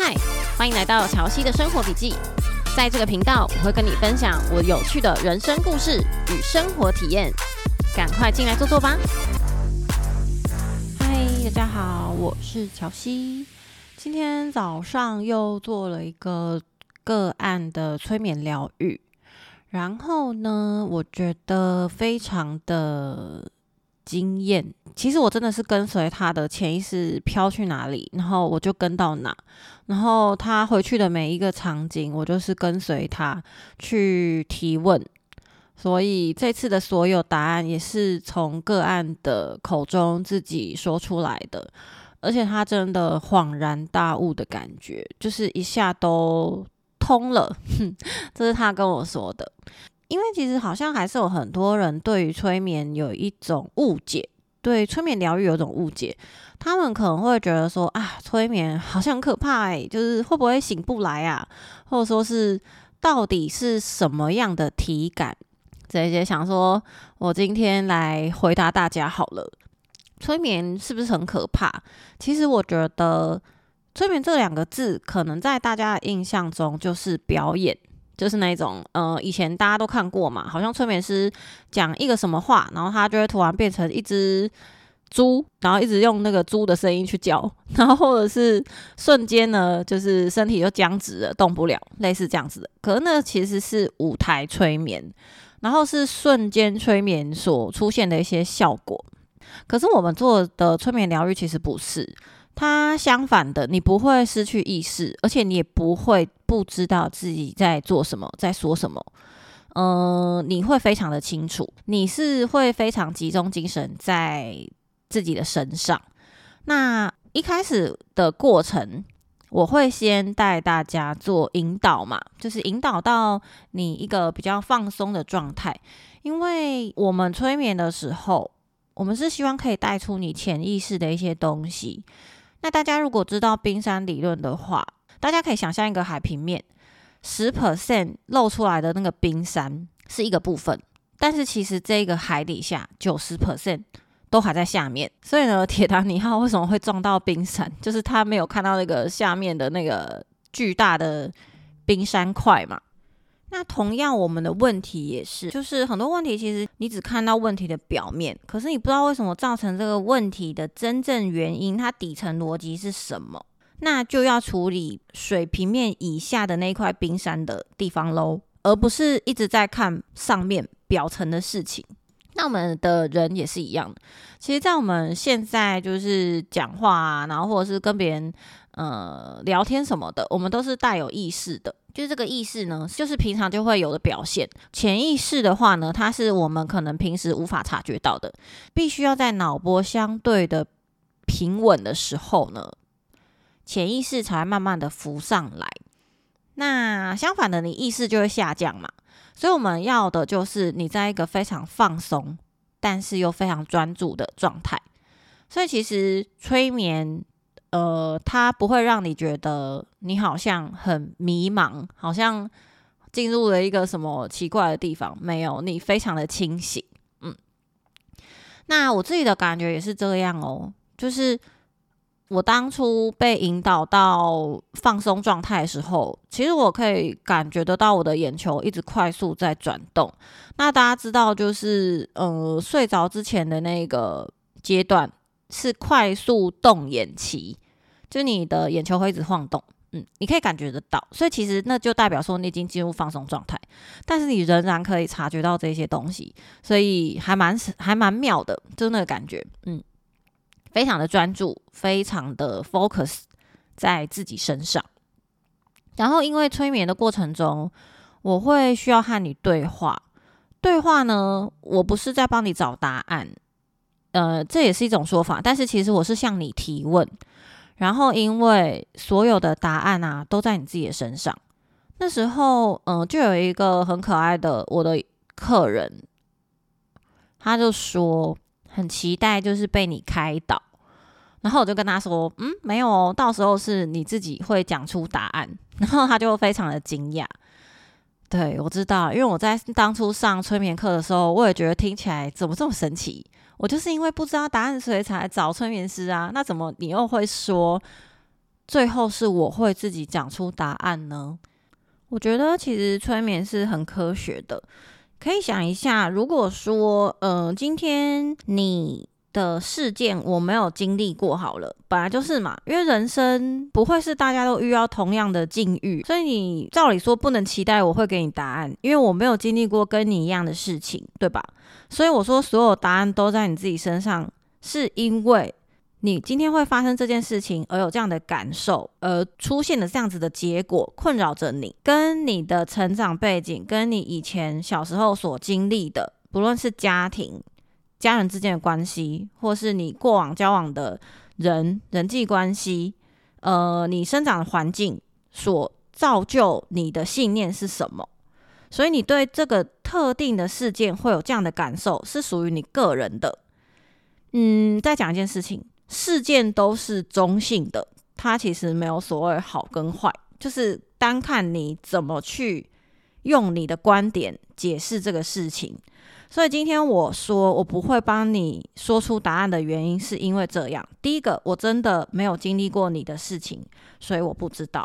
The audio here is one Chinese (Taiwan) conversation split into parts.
嗨，歡迎來到蕎希的生活筆記。在這個頻道，我會跟你分享我有趣的人生故事與生活體驗。趕快進來坐坐吧。嗨，大家好，我是蕎希。今天早上又做了一個個案的催眠療癒，然後呢，我覺得非常的驚艷。其實我真的是跟隨他的潛意識飄去哪裡，然後我就跟到哪。然後他回去的每一個場景，我就是跟隨他去提問。所以這次的所有答案也是從個案的口中自己說出來的。而且他真的恍然大悟的感覺，就是一下都通了。哼，這是他跟我說的。因為其實好像還是有很多人對於催眠有一種誤解。對催眠療癒有種誤解，他們可能會覺得說啊，催眠好像很可怕，欸，就是會不會醒不來啊？或者說是到底是什麼樣的體感？這一些想說，我今天來回答大家好了。催眠是不是很可怕？其實我覺得，催眠這兩個字，可能在大家的印象中就是表演。就是那種，呃，以前大家都看過嘛，好像催眠師講一個什麼話，然後他就會突然變成一只豬，然後一直用那個豬的聲音去叫，然後或者是瞬間呢，就是身體就僵直了，動不了，類似這樣子的。可是那其實是舞台催眠，然後是瞬間催眠所出現的一些效果。可是我們做的催眠療癒其實不是，它相反的，你不會失去意識，而且你也不會。不知道自己在做什麼，在說什麼，嗯、呃，你會非常的清楚，你是會非常集中精神在自己的身上。那一開始的過程，我會先帶大家做引導嘛，就是引導到你一個比較放鬆的狀態，因為我們催眠的時候，我們是希望可以帶出你潛意識的一些東西。那大家如果知道冰山理論的話，大家可以想象一個海平面，十 percent 露出來的那個冰山是一個部分，但是其實這個海底下九十 percent 都還在下面。所以呢，鐵達尼號為什麼會撞到冰山，就是它沒有看到那個下面的那個巨大的冰山塊嘛。那同樣，我們的問題也是，就是很多問題其實你只看到問題的表面，可是你不知道為什麼造成這個問題的真正原因，它底層邏輯是什麼。那就要處理水平面以下的那塊冰山的地方嘍，而不是一直在看上面表層的事情。那我們的人也是一樣的。其實，在我們現在就是講話啊，然後或者是跟別人呃聊天什麼的，我們都是帶有意識的。就是這個意識呢，就是平常就會有的表現。潛意識的話呢，它是我們可能平時無法察覺到的，必須要在腦波相對的平穩的時候呢。潛意識才慢慢的浮上來，那相反的，你意識就會下降嘛。所以我們要的就是你在一個非常放鬆，但是又非常專注的狀態。所以其實催眠，呃，它不會讓你覺得你好像很迷茫，好像進入了一個什麼奇怪的地方。沒有，你非常的清醒。嗯，那我自己的感覺也是這樣哦，就是。我當初被引導到放鬆狀態的時候，其實我可以感覺得到我的眼球一直快速在轉動。那大家知道，就是呃，睡着之前的那個階段是快速動眼期，就是你的眼球會一直晃動，嗯，你可以感覺得到。所以其實那就代表說你已經進入放鬆狀態，但是你仍然可以察覺到這些東西，所以還蠻還蠻妙的，就那個感覺，嗯。非常的專注，非常的 focus 在自己身上。然後，因為催眠的過程中，我會需要和你對話。對話呢，我不是在幫你找答案，呃，這也是一種說法。但是，其實我是向你提問。然後，因為所有的答案啊，都在你自己的身上。那時候，嗯、呃，就有一個很可愛的我的客人，他就說很期待，就是被你開導。然後我就跟他說：“嗯，沒有哦，到時候是你自己會講出答案。”然後他就會非常的驚訝。對，我知道，因為我在當初上催眠課的時候，我也覺得聽起來怎麼這麼神奇？我就是因為不知道答案，所以才找催眠師啊。那怎麼你又會說，最後是我會自己講出答案呢？我覺得其實催眠是很科學的。可以想一下，如果說，嗯，呃，今天你。的事件我沒有經歷過，好了，本來就是嘛，因為人生不會是大家都遇到同樣的境遇，所以你照理說不能期待我會給你答案，因為我沒有經歷過跟你一樣的事情，對吧？所以我說所有答案都在你自己身上，是因為你今天會發生這件事情而有這樣的感受，而出現了這樣子的結果，困擾着你，跟你的成長背景，跟你以前小時候所經歷的，不論是家庭。家人之間的關係，或是你過往交往的人人際關係，呃，你生長的環境所造就你的信念是什麼？所以你對這個特定的事件會有這樣的感受，是屬於你個人的。嗯，再講一件事情，事件都是中性的，它其實沒有所謂好跟壞，就是單看你怎麼去用你的觀點解釋這個事情。所以今天我說我不會幫你說出答案的原因，是因為這樣：第一個，我真的沒有經歷過你的事情，所以我不知道；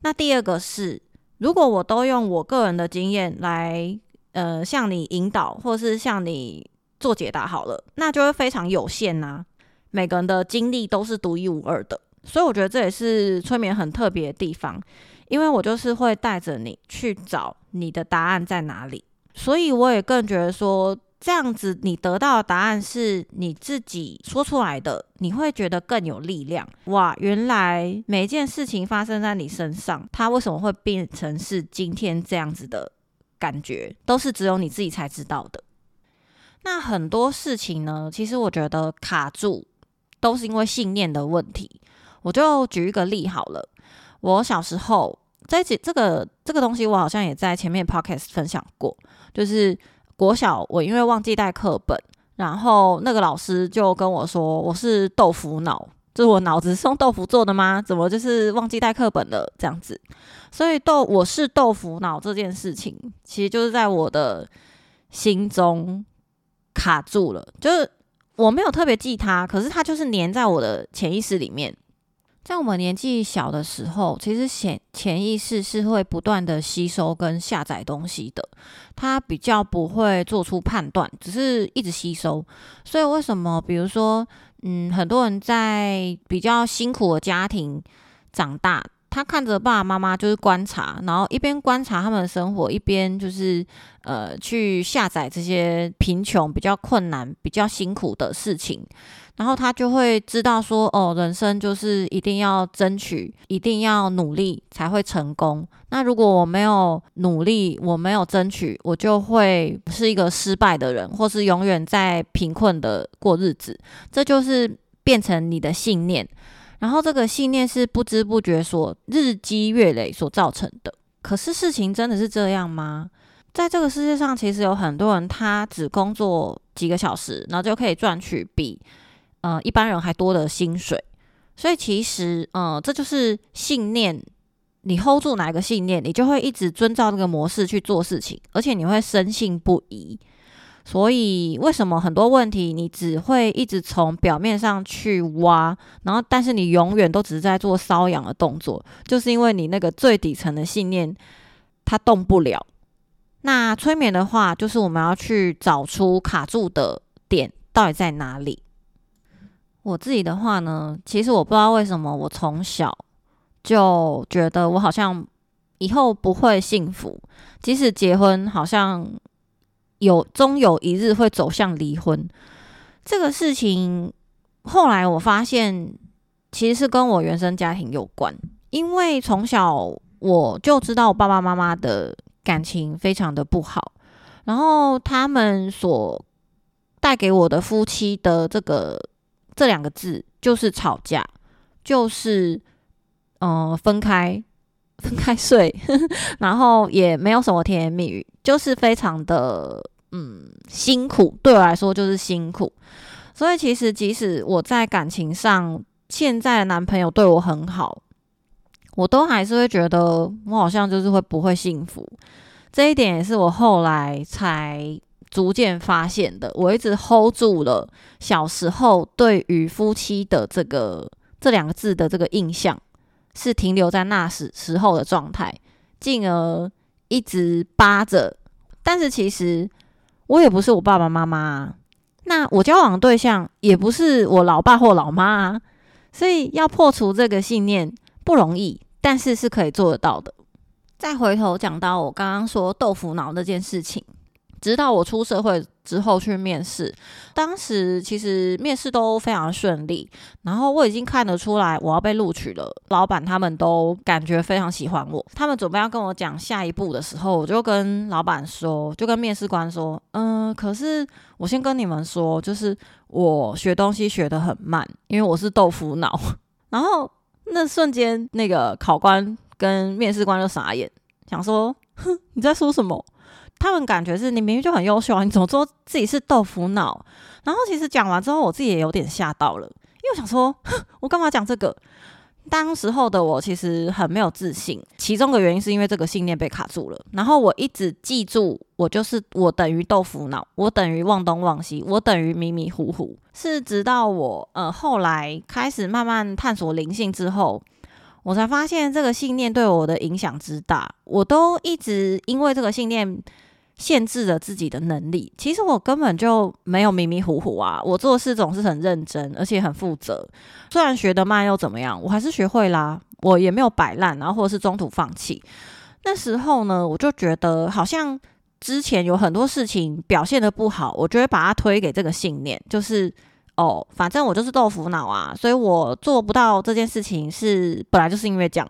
那第二個是，如果我都用我個人的經驗來呃向你引導，或是向你做解答好了，那就會非常有限啊。每個人的經歷都是獨一無二的，所以我覺得這也是催眠很特別的地方，因為我就是會帶着你去找你的答案在哪裡。所以我也更覺得說，這樣子你得到的答案是你自己說出來的，你會覺得更有力量。哇！原來每件事情發生在你身上，它為什麼會變成是今天這樣子的感覺，都是只有你自己才知道的。那很多事情呢，其實我覺得卡住都是因為信念的問題。我就舉一個例好了，我小時候在這這個這個東西，我好像也在前面 Podcast 分享過。就是國小，我因為忘記帶課本，然後那個老師就跟我說：“我是豆腐腦，就是我腦子是用豆腐做的嗎？怎麼就是忘記帶課本了這樣子？”所以豆我是豆腐腦這件事情，其實就是在我的心中卡住了，就是我沒有特別記它，可是它就是粘在我的潛意識裡面。在我們年紀小的時候，其實潛潛意識是會不斷的吸收跟下載東西的，它比較不會做出判斷，只是一直吸收。所以為什麼，比如說，嗯，很多人在比較辛苦的家庭長大。他看着爸爸媽媽，就是觀察，然後一邊觀察他們的生活，一邊就是呃去下載這些貧窮、比較困難、比較辛苦的事情，然後他就會知道說，哦，人生就是一定要爭取，一定要努力才會成功。那如果我沒有努力，我沒有爭取，我就會是一個失敗的人，或是永遠在貧困的過日子。這就是變成你的信念。然後這個信念是不知不覺所日積月累所造成的。可是事情真的是這樣嗎？在這個世界上，其實有很多人他只工作幾個小時，然後就可以賺取比呃一般人還多的薪水。所以其實呃，這就是信念。你 hold 住哪一個信念，你就會一直遵照這個模式去做事情，而且你會深信不疑。所以，為什麼很多問題你只會一直從表面上去挖，然後但是你永遠都只是在做瘙癢的動作，就是因為你那個最底層的信念它動不了。那催眠的話，就是我們要去找出卡住的點到底在哪裡。我自己的話呢，其實我不知道為什麼我從小就覺得我好像以後不會幸福，即使結婚好像。有終有一日會走向離婚，這個事情後來我發現其實是跟我原生家庭有關，因為從小我就知道我爸爸媽媽的感情非常的不好，然後他們所帶給我的夫妻的這個這兩個字就是吵架，就是嗯、呃、分開分開睡， 然後也沒有什麼甜言蜜語，就是非常的。嗯，辛苦對我來說就是辛苦，所以其實即使我在感情上現在的男朋友對我很好，我都還是會覺得我好像就是會不會幸福。這一點也是我後來才逐漸發現的。我一直 hold 住了小時候對於夫妻的這個這兩個字的這個印象，是停留在那時時候的狀態，進而一直扒着，但是其實。我也不是我爸爸媽媽啊，那我交往對象也不是我老爸或老媽啊，所以要破除這個信念不容易，但是是可以做得到的。再回頭講到我剛剛說豆腐腦那件事情，直到我出社會。之後去面試，當時其實面試都非常順利，然後我已經看得出來我要被錄取了。老板他們都感覺非常喜歡我，他們準備要跟我講下一步的時候，我就跟老板說，就跟面試官說，嗯、呃，可是我先跟你們說，就是我學東西學得很慢，因為我是豆腐腦。然後那瞬間，那個考官跟面試官就傻眼，想說，哼，你在說什麼？他們感覺是你明明就很優秀啊，你怎麼說自己是豆腐腦？然後其實講完之後，我自己也有點嚇到了，因為我想說，哼，我幹嘛講這個？當時候的我其實很沒有自信，其中的原因是因為這個信念被卡住了。然後我一直記住，我就是我等於豆腐腦，我等於忘東忘西，我等於迷迷糊糊。是直到我呃後來開始慢慢探索靈性之後，我才發現這個信念對我的影響之大，我都一直因為這個信念。限制了自己的能力。其實我根本就沒有迷迷糊糊啊！我做事總是很認真，而且很負責。雖然學的慢又怎麼樣？我還是學會啦。我也沒有擺爛，然後或者是中途放棄。那時候呢，我就覺得好像之前有很多事情表現得不好，我就會把它推給這個信念，就是哦，反正我就是豆腐腦啊，所以我做不到這件事情是本來就是因為這樣，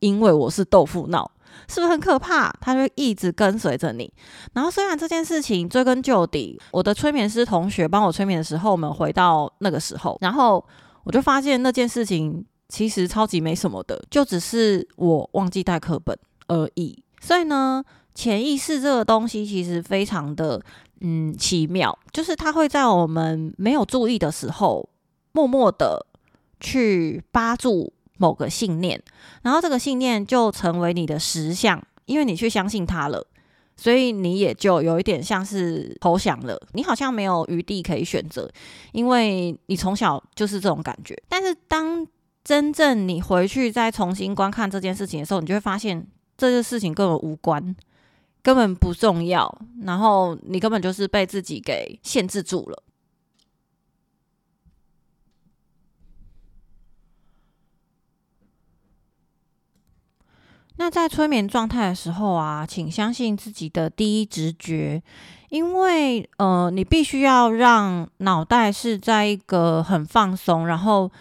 因為我是豆腐腦。是不是很可怕？他就一直跟隨着你。然後雖然這件事情追根究底，我的催眠師同學幫我催眠的時候，我們回到那個時候，然後我就發現那件事情其實超級沒什麼的，就只是我忘記帶課本而已。所以呢，潛意識這個東西其實非常的嗯奇妙，就是它會在我們沒有注意的時候，默默的去扒住。某個信念，然後這個信念就成為你的實相，因為你去相信它了，所以你也就有一點像是投降了，你好像沒有餘地可以選擇，因為你從小就是這種感覺。但是當真正你回去再重新觀看這件事情的時候，你就會發現這件事情跟我無關，根本不重要，然後你根本就是被自己給限制住了。那在催眠狀態的時候啊，請相信自己的第一直覺，因為呃，你必須要讓腦袋是在一個很放鬆，然後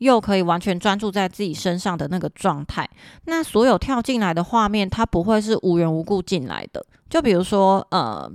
又可以完全專注在自己身上的那個狀態。那所有跳進來的畫面，它不會是無緣無故進來的。就比如說，呃，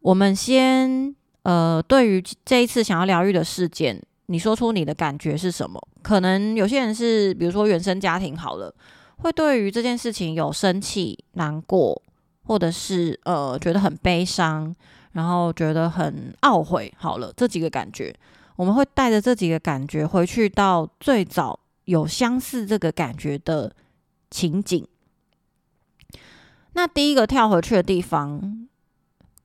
我們先呃，對於這一次想要療癒的事件，你說出你的感覺是什麼？可能有些人是，比如說原生家庭好了。會對於這件事情有生氣、難過，或者是呃覺得很悲傷，然後覺得很懊悔。好了，這幾個感覺，我們會帶着這幾個感覺回去到最早有相似這個感覺的情景。那第一個跳回去的地方，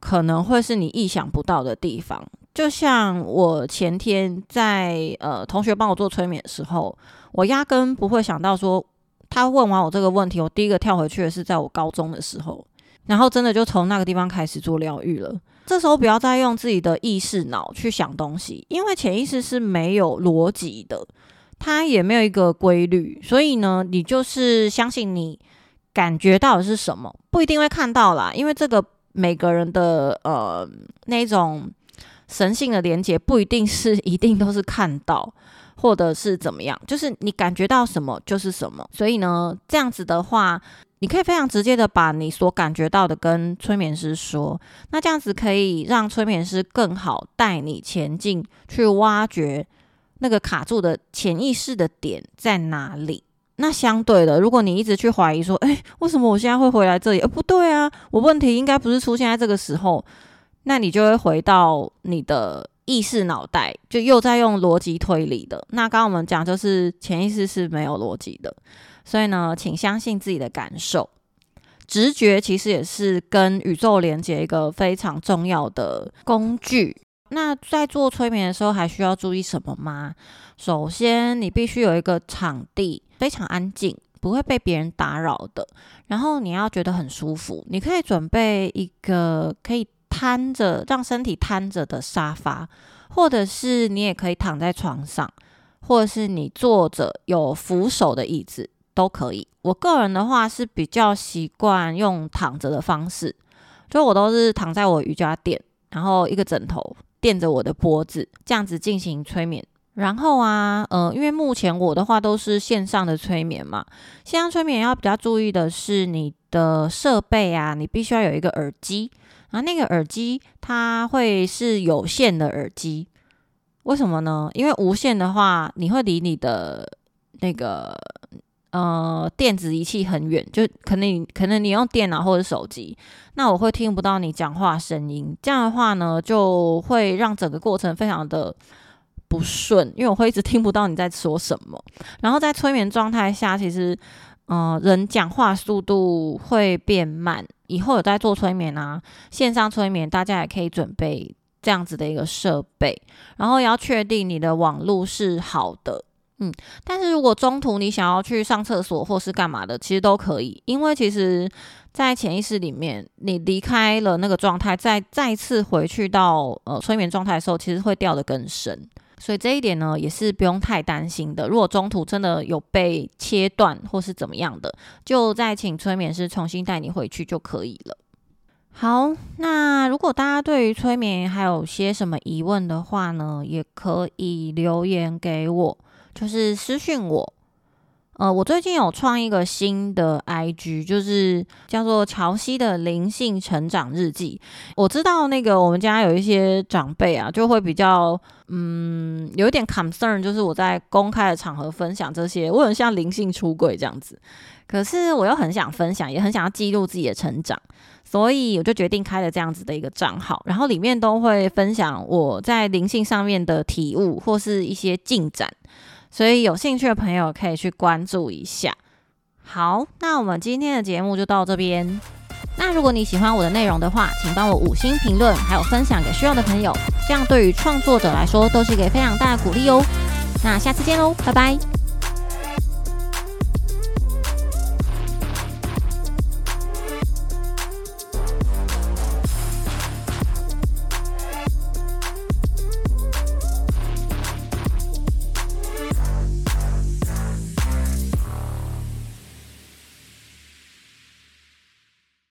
可能會是你意想不到的地方。就像我前天在呃同學幫我做催眠的時候，我壓根不會想到說，他問完我這個問題，我第一個跳回去的是在我高中的時候，然後真的就從那個地方開始做療癒了。這時候不要再用自己的意識腦去想東西，因為潛意識是沒有邏輯的，它也沒有一個規律。所以呢，你就是相信你感覺到的是什麼，不一定會看到啦，因為這個每個人的呃那種神性的連接，不一定是一定都是看到。或者是怎麼樣，就是你感覺到什麼就是什麼。所以呢，這樣子的話，你可以非常直接的把你所感覺到的跟催眠師說，那這樣子可以讓催眠師更好帶你前進，去挖掘那個卡住的潛意識的點在哪裡。那相對的，如果你一直去懷疑說，誒，為什麼我現在會回來這裡？誒，不對啊，我問題應該不是出現在這個時候，那你就會回到你的。意識腦袋就又在用邏輯推理的。那剛剛我們講就是潛意識是沒有邏輯的，所以呢，請相信自己的感受，直覺其實也是跟宇宙連接一個非常重要的工具。那在做催眠的時候，還需要注意什麼嗎？首先，你必須有一個場地非常安靜，不會被別人打擾的，然後你要覺得很舒服，你可以準備一個可以癱着，讓身體癱着的沙发，或者是你也可以躺在床上，或者是你坐着有扶手的椅子都可以。我個人的話是比較習慣用躺着的方式，就我都是躺在我瑜伽墊，然後一個枕頭墊着我的脖子，這樣子進行催眠。然後啊，呃，因為目前我的話都是線上的催眠嘛，線上催眠要比較注意的是你的設備啊，你必須要有一個耳機。啊，那個耳機它會是有線的耳機，為什麼呢？因為無線的話，你會離你的那個呃電子儀器很遠，就可能你可能你用電腦或者手機，那我會聽不到你講話聲音。這樣的話呢，就會讓整個過程非常的不順，因為我會一直聽不到你在說什麼。然後在催眠狀態下，其實。呃，人講話速度會變慢。以後有在做催眠啊，線上催眠，大家也可以準備這樣子的一個設備，然後也要確定你的網絡是好的。嗯，但是如果中途你想要去上廁所或是幹嘛的，其實都可以，因為其實在潛意識裡面，你離開了那個狀態，再再次回去到呃催眠狀態的時候，其實會掉得更深。所以這一點呢，也是不用太擔心的。如果中途真的有被切斷或是怎麼樣的，就再請催眠師重新帶你回去就可以了。好，那如果大家對於催眠還有些什麼疑問的話呢，也可以留言給我，就是私訊我。呃，我最近有創一個新的 IG，就是叫做“蕎希的靈性成長日記”。我知道那個我們家有一些長輩啊，就會比較嗯有一點 concern，就是我在公開的場合分享這些，我很像靈性出軌這樣子。可是我又很想分享，也很想要記錄自己的成長，所以我就決定開了這樣子的一個賬號，然後裡面都會分享我在靈性上面的體悟或是一些進展。所以有興趣的朋友可以去關注一下。好，那我們今天的節目就到這邊。那如果你喜歡我的內容的話，請幫我五星評論，還有分享給需要的朋友，這樣對於創作者來說都是一個非常大的鼓勵哦。那下次見嘍，拜拜。